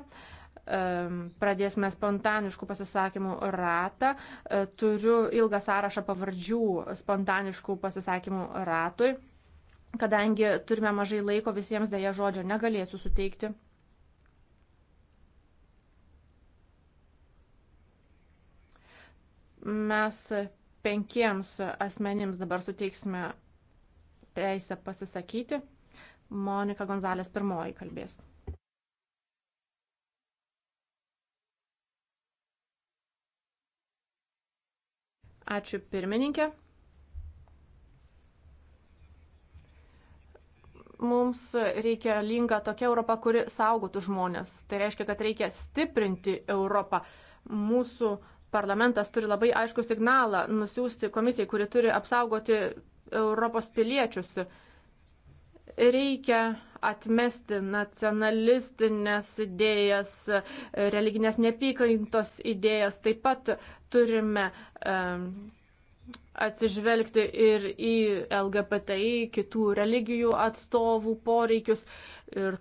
pradėsime spontaniškų pasisakymų ratą. E, turiu ilgą sąrašą pavardžių spontaniškų pasisakymų ratui. Kadangi turime mažai laiko, visiems dėja žodžio negalėsiu suteikti. Mes penkiems asmenims dabar suteiksime teisę pasisakyti. Monika Gonzalės pirmoji kalbės. Ačiū pirmininkė. Mums reikia linga tokia Europa, kuri saugotų žmonės. Tai reiškia, kad reikia stiprinti Europą. Mūsų parlamentas turi labai aišku signalą nusiųsti komisijai, kuri turi apsaugoti Europos piliečius. Reikia atmesti nacionalistinės idėjas, religinės neapykantos idėjas. Taip pat turime atsižvelgti ir į LGBTI, kitų religijų atstovų poreikius ir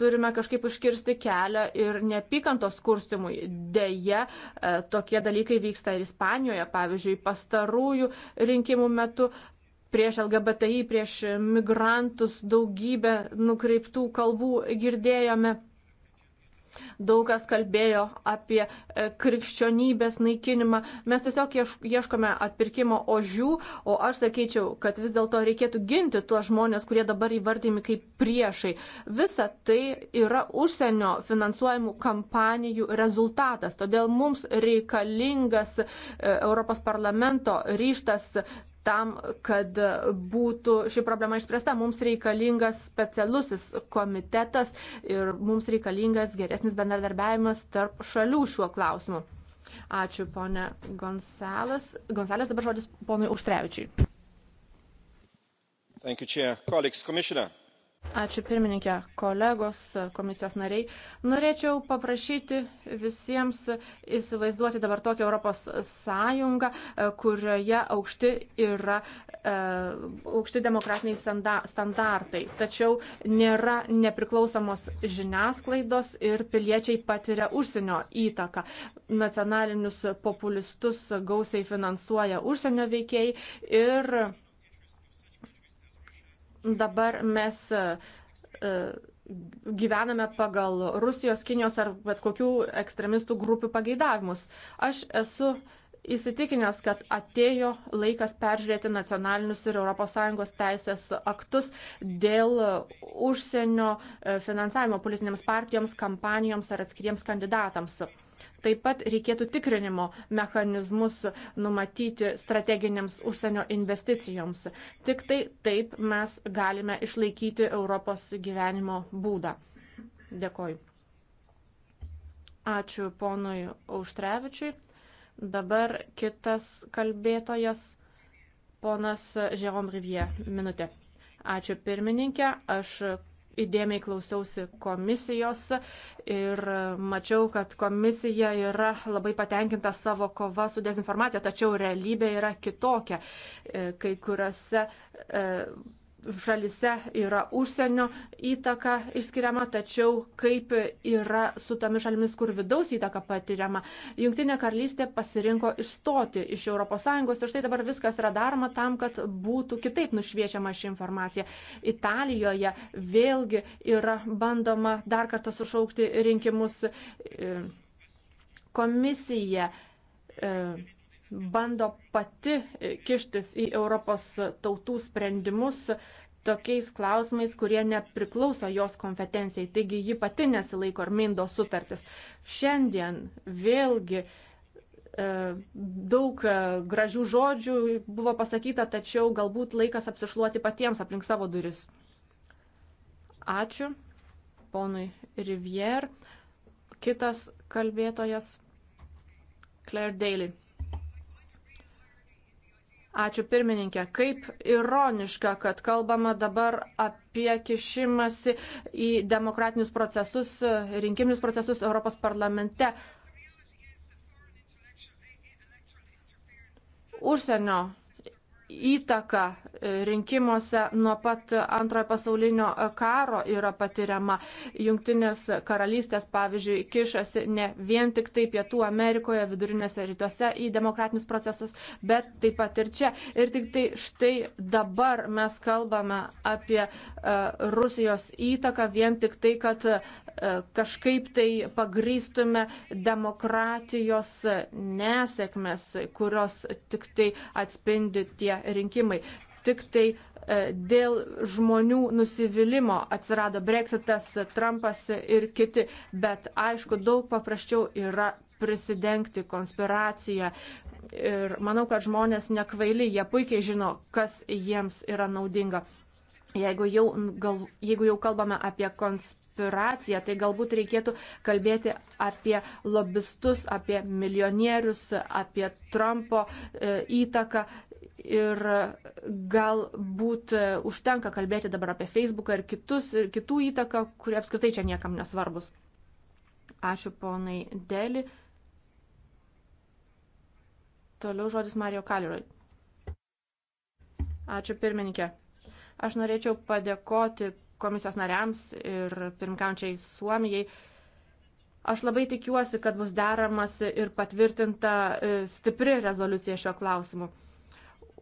turime kažkaip užkirsti kelią ir neapykantos kurstimui. Deja, e, tokie dalykai vyksta ir Ispanijoje, pavyzdžiui, pastarųjų rinkimų metu prieš LGBTI, prieš migrantus daugybę nukreiptų kalbų girdėjome. Daug kas kalbėjo apie e, krikščionybės naikinimą. Mes tiesiog ieškome atpirkimo ožių, o aš sakyčiau, kad vis dėlto reikėtų ginti tuos žmonės, kurie dabar įvardymi kaip priešai. Visa tai yra užsienio finansuojamų kampanijų rezultatas. Todėl mums reikalingas e, Europos parlamento ryštas tam, kad būtų ši problema išspręsta, mums reikalingas specialusis komitetas ir mums reikalingas geresnis bendradarbiavimas tarp šalių šiuo klausimu. Ačiū, ponė Gonsalės. Gonsalės dabar žodis ponui Užtrevičiui. Thank you, Chair. Colleagues, Commissioner. Ačiū pirmininkė, kolegos, komisijos nariai. Norėčiau paprašyti visiems įsivaizduoti dabar tokią Europos sąjungą, kurioje aukšti yra e, aukšti demokratiniai standartai. Tačiau nėra nepriklausomos žiniasklaidos ir piliečiai patiria užsienio įtaką. Nacionalinius populistus gausiai finansuoja užsienio veikiai ir Dabar mes e, e, gyvename pagal Rusijos, Kinijos ar bet kokių ekstremistų grupių pageidavimus. Aš esu įsitikinęs, kad atėjo laikas peržiūrėti nacionalinius ir ES teisės aktus dėl užsienio e, finansavimo politinėms partijoms, kampanijoms ar atskiriems kandidatams. Taip pat reikėtų tikrinimo mechanizmus numatyti strateginėms užsienio investicijoms. Tik tai taip mes galime išlaikyti Europos gyvenimo būdą. Dėkoju. Ačiū ponui Auštrevičiui. Dabar kitas kalbėtojas, ponas Jérôme Rivier, minutė. Ačiū pirmininkė, aš įdėmiai klausiausi komisijos ir mačiau, kad komisija yra labai patenkinta savo kova su dezinformacija, tačiau realybė yra kitokia. E, kai kuriuose e, šalise yra užsienio įtaka išskiriama, tačiau kaip yra su tomis šalimis, kur vidaus įtaka patiriama. Junktinė karalystė pasirinko išstoti iš ES ir štai dabar viskas yra daroma tam, kad būtų kitaip nušviečiama ši informacija. Italijoje vėlgi yra bandoma dar kartą sušaukti rinkimus komisiją e, bando pati e, kištis į Europos tautų sprendimus tokiais klausimais, kurie nepriklauso jos kompetencijai. Taigi ji pati nesilaiko ir mindo sutartis. Šiandien vėlgi e, daug e, gražių žodžių buvo pasakyta, tačiau galbūt laikas apsišluoti patiems aplink savo duris. Ačiū ponui Rivier. Kitas kalbėtojas Claire Daly. Ačiū pirmininkė. Kaip ironiška, kad kalbama dabar apie kišimasi į demokratinius procesus, rinkiminius procesus Europos parlamente. Užsienio įtaka e, rinkimuose nuo pat antrojo pasaulinio karo yra patiriama. Jungtinės karalystės, pavyzdžiui, kišasi ne vien tik tai Pietų Amerikoje, vidurinėse rytuose į demokratinius procesus, bet taip pat ir čia. Ir tik tai štai dabar mes kalbame apie e, Rusijos įtaką vien tik tai, kad e, kažkaip tai pagrystume demokratijos nesėkmes, kurios tik tai atspindi tie tie rinkimai. Tik tai e, dėl žmonių nusivylimų atsirado Brexitas, Trumpas ir kiti. Bet aišku, daug paprasčiau yra prisidengti konspiraciją. Ir manau, kad žmonės nekvaili, jie puikiai žino, kas jiems yra naudinga. Jeigu jau, gal, jeigu jau kalbame apie konspiraciją, tai galbūt reikėtų kalbėti apie lobistus, apie milijonierius, apie Trumpo e, įtaką Ir galbūt užtenka kalbėti dabar apie Facebooką ir, kitus, ir kitų įtaką, kurie apskritai čia niekam nesvarbus. Ačiū ponai Deli. Toliau žodis Mario Kaliroj. Ačiū pirmininkė. Aš norėčiau padėkoti komisijos nariams ir pirmkaučiai Suomijai. Aš labai tikiuosi, kad bus deramasi ir patvirtinta e, stipri rezoliucija šiuo klausimu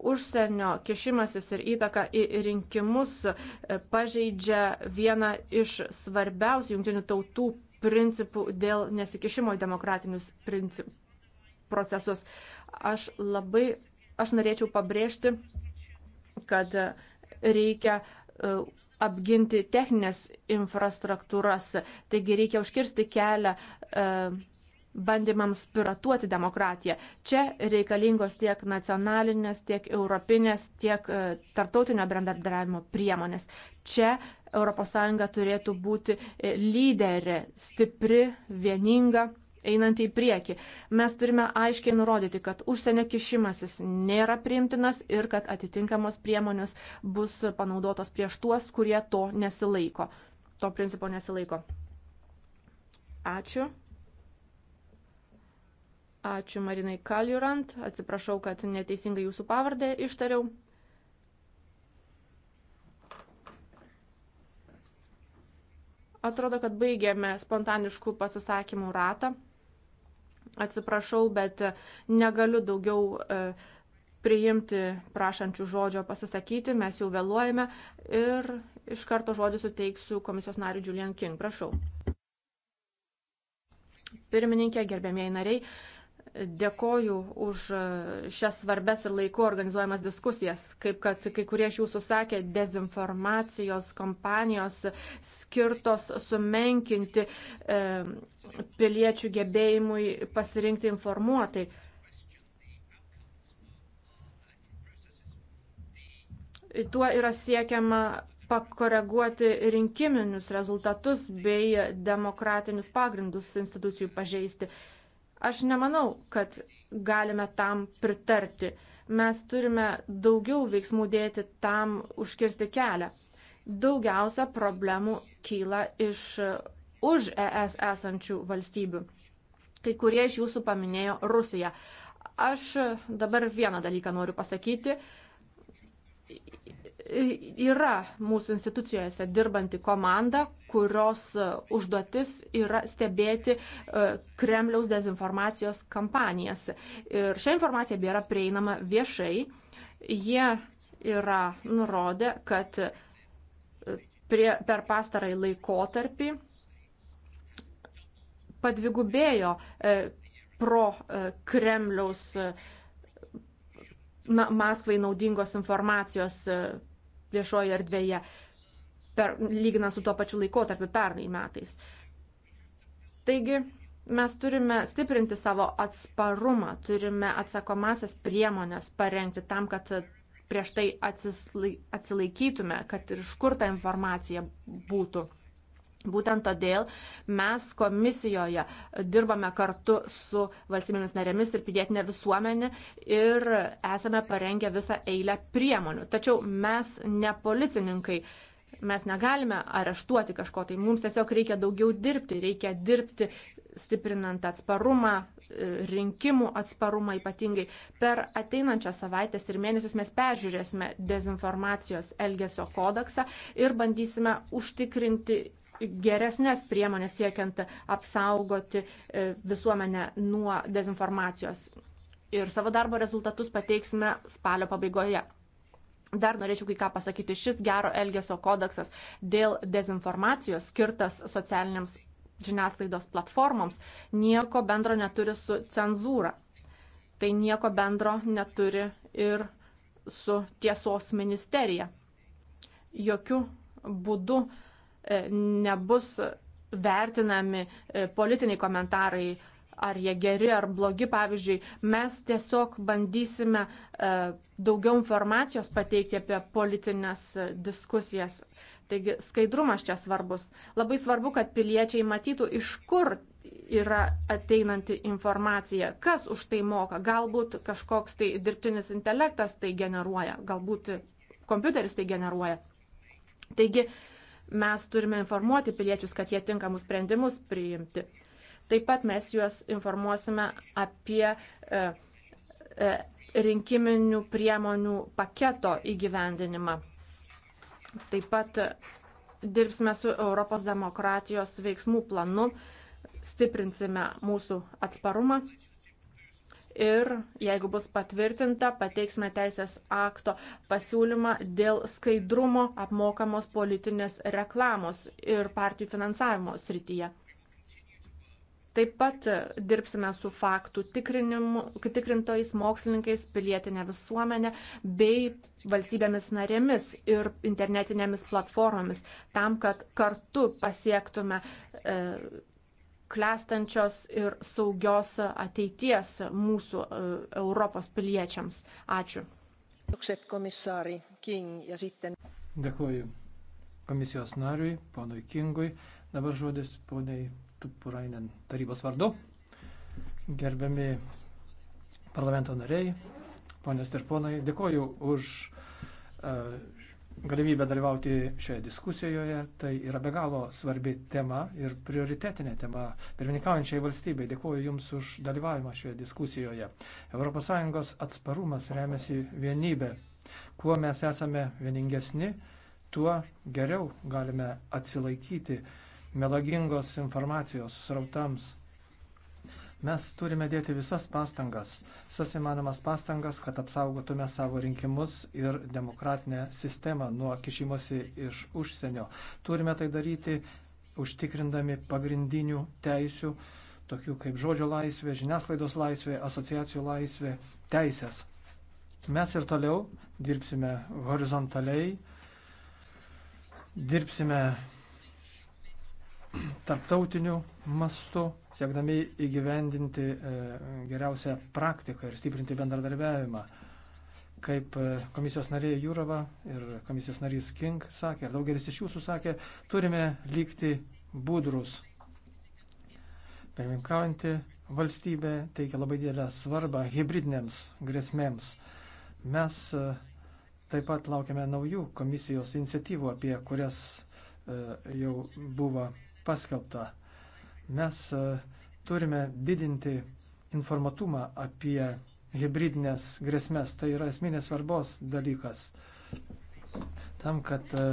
užsienio kišimasis ir įtaka į rinkimus e, pažeidžia vieną iš svarbiausių jungtinių tautų principų dėl nesikišimo į demokratinius princip... procesus. Aš labai, aš norėčiau pabrėžti, kad reikia e, apginti techninės infrastruktūras, taigi reikia užkirsti kelią e, bandymams piratuoti demokratiją. Čia reikalingos tiek nacionalinės, tiek europinės, tiek e, tartautinio bendradarbiavimo priemonės. Čia ES turėtų būti e, lyderė, stipri, vieninga einant į priekį. Mes turime aiškiai nurodyti, kad užsienio kišimasis nėra priimtinas ir kad atitinkamos priemonės bus panaudotos prieš tuos, kurie to nesilaiko. To principo nesilaiko. Ačiū. Ačiū Marinai Kaliurant, atsiprašau, kad neteisingai jūsų pavardę ištariau. Atrodo, kad baigėme spontaniškų pasisakymų ratą. Atsiprašau, bet e, negaliu daugiau e, priimti prašančių žodžio pasisakyti, mes jau vėluojame ir iš karto žodį suteiksiu komisijos nariu Julian King. Prašau. Pirmininkė, gerbėmėjai nariai, Dėkoju už e, šias svarbes ir laiku organizuojamas diskusijas. Kaip kad kai kurie iš jūsų sakė, dezinformacijos kompanijos skirtos sumenkinti e, piliečių gebėjimui pasirinkti informuotai. Tuo yra siekiama pakoreguoti rinkiminius rezultatus bei demokratinius pagrindus institucijų pažeisti. E, Aš nemanau, kad galime tam pritarti. Mes turime daugiau veiksmų dėti tam užkirsti kelią. Daugiausia problemų kyla iš už ES esančių valstybių. Kai kurie iš jūsų paminėjo Rusiją. Aš dabar vieną dalyką noriu pasakyti yra mūsų institucijose dirbanti komanda, kurios e, užduotis yra stebėti e, Kremliaus dezinformacijos kampanijas. Ir šią informaciją yra prieinama viešai. Jie yra nurodę, kad e, prie, per pastarąjį laikotarpį padvigubėjo pro Kremliaus na, Maskvai naudingos informacijos viešoje erdvėje, per, lyginant su tuo pačiu laikotarpiu pernai metais. Taigi, mes turime stiprinti savo atsparumą, turime atsakomasias priemonės parengti tam, kad prieš tai atsislai, atsilaikytume, kad ir iš kur ta informacija būtų. Būtent todėl mes komisijoje dirbame kartu su valstybėmis narėmis ir pilietinė visuomenė ir esame parengę visą eilę priemonių. Tačiau mes ne policininkai, mes negalime areštuoti kažko, tai mums tiesiog reikia daugiau dirbti, reikia dirbti stiprinant atsparumą, e, rinkimų atsparumą ypatingai. Per ateinančią savaitęs ir mėnesius mes peržiūrėsime dezinformacijos elgesio kodeksą ir bandysime užtikrinti geresnės priemonės siekiant apsaugoti e, visuomenę nuo dezinformacijos. Ir savo darbo rezultatus pateiksime spalio pabaigoje. Dar norėčiau kai ką pasakyti. Šis gero elgesio kodeksas dėl dezinformacijos skirtas socialiniams žiniasklaidos platformoms nieko bendro neturi su cenzūra. Tai nieko bendro neturi ir su tiesos ministerija. Jokių būdų E, nebus vertinami e, politiniai komentarai, ar jie geri ar blogi, pavyzdžiui, mes tiesiog bandysime e, daugiau informacijos pateikti apie politinės diskusijas. Taigi skaidrumas čia svarbus. Labai svarbu, kad piliečiai matytų, iš kur yra ateinanti informacija, kas už tai moka. Galbūt kažkoks tai dirbtinis intelektas tai generuoja, galbūt kompiuteris tai generuoja. Taigi Mes turime informuoti piliečius, kad jie tinkamus sprendimus priimti. Taip pat mes juos informuosime apie e, e, rinkiminių priemonių paketo įgyvendinimą. Taip pat dirbsime su Europos demokratijos veiksmų planu, stiprinsime mūsų atsparumą ir, jeigu bus patvirtinta, pateiksime teisės akto pasiūlymą dėl skaidrumo apmokamos politinės reklamos ir partijų finansavimo srityje. Taip pat dirbsime su faktų tikrintojais, mokslininkais, pilietinė visuomenė bei valstybėmis narėmis ir internetinėmis platformomis tam, kad kartu pasiektume e, klestančios ir saugios ateities mūsų e, Europos piliečiams. Ačiū. Dėkuoju komisijos nariui, ponui Kingui. Dabar žodis poniai Tupurainen tarybos vardu. Gerbiami parlamento nariai, ponios ir ponai, dėkuoju už e, galimybę dalyvauti šioje diskusijoje. Tai yra be galo svarbi tema ir prioritetinė tema. Pirmininkaujančiai valstybei dėkuoju Jums už dalyvavimą šioje diskusijoje. ES atsparumas remiasi vienybė. Kuo mes esame vieningesni, tuo geriau galime atsilaikyti melagingos informacijos srautams Mes turime dėti visas pastangas, visas įmanomas pastangas, kad apsaugotume savo rinkimus ir demokratinę sistemą nuo kišimosi iš užsienio. Turime tai daryti užtikrindami pagrindinių teisių, tokių kaip žodžio laisvė, žiniasklaidos laisvė, asociacijų laisvė, teisės. Mes ir toliau dirbsime horizontaliai, dirbsime tarptautiniu mastu, siekdami įgyvendinti e, geriausią praktiką ir stiprinti bendradarbiavimą. Kaip e, komisijos narė Jūrova ir komisijos narys King sakė, ir daugelis iš jūsų sakė, turime likti budrus. Pirminkaujanti valstybė teikia labai didelę svarbą hybridinėms grėsmėms. Mes e, taip pat laukiame naujų komisijos iniciatyvų, apie kurias jau buvo paskelbta. Mes e, turime didinti informatumą apie hybridinės grėsmės. Tai yra esminės svarbos dalykas. Tam, kad e,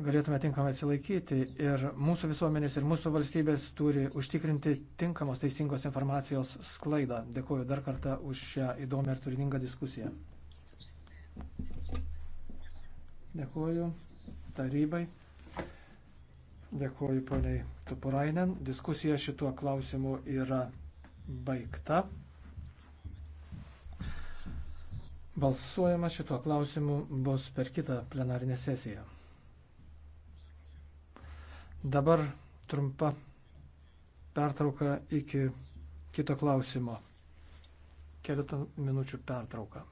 galėtume tinkamai atsilaikyti ir mūsų visuomenės, ir mūsų valstybės turi užtikrinti tinkamos teisingos informacijos sklaidą. Dėkuoju dar kartą už šią įdomią ir turiningą diskusiją. Dėkuoju tarybai. Dėkuoju poniai Tupurainen. Diskusija šituo klausimu yra baigta. Balsuojama šituo klausimu bus per kitą plenarinę sesiją. Dabar trumpa pertrauka iki kito klausimo. Keletą minučių pertrauka.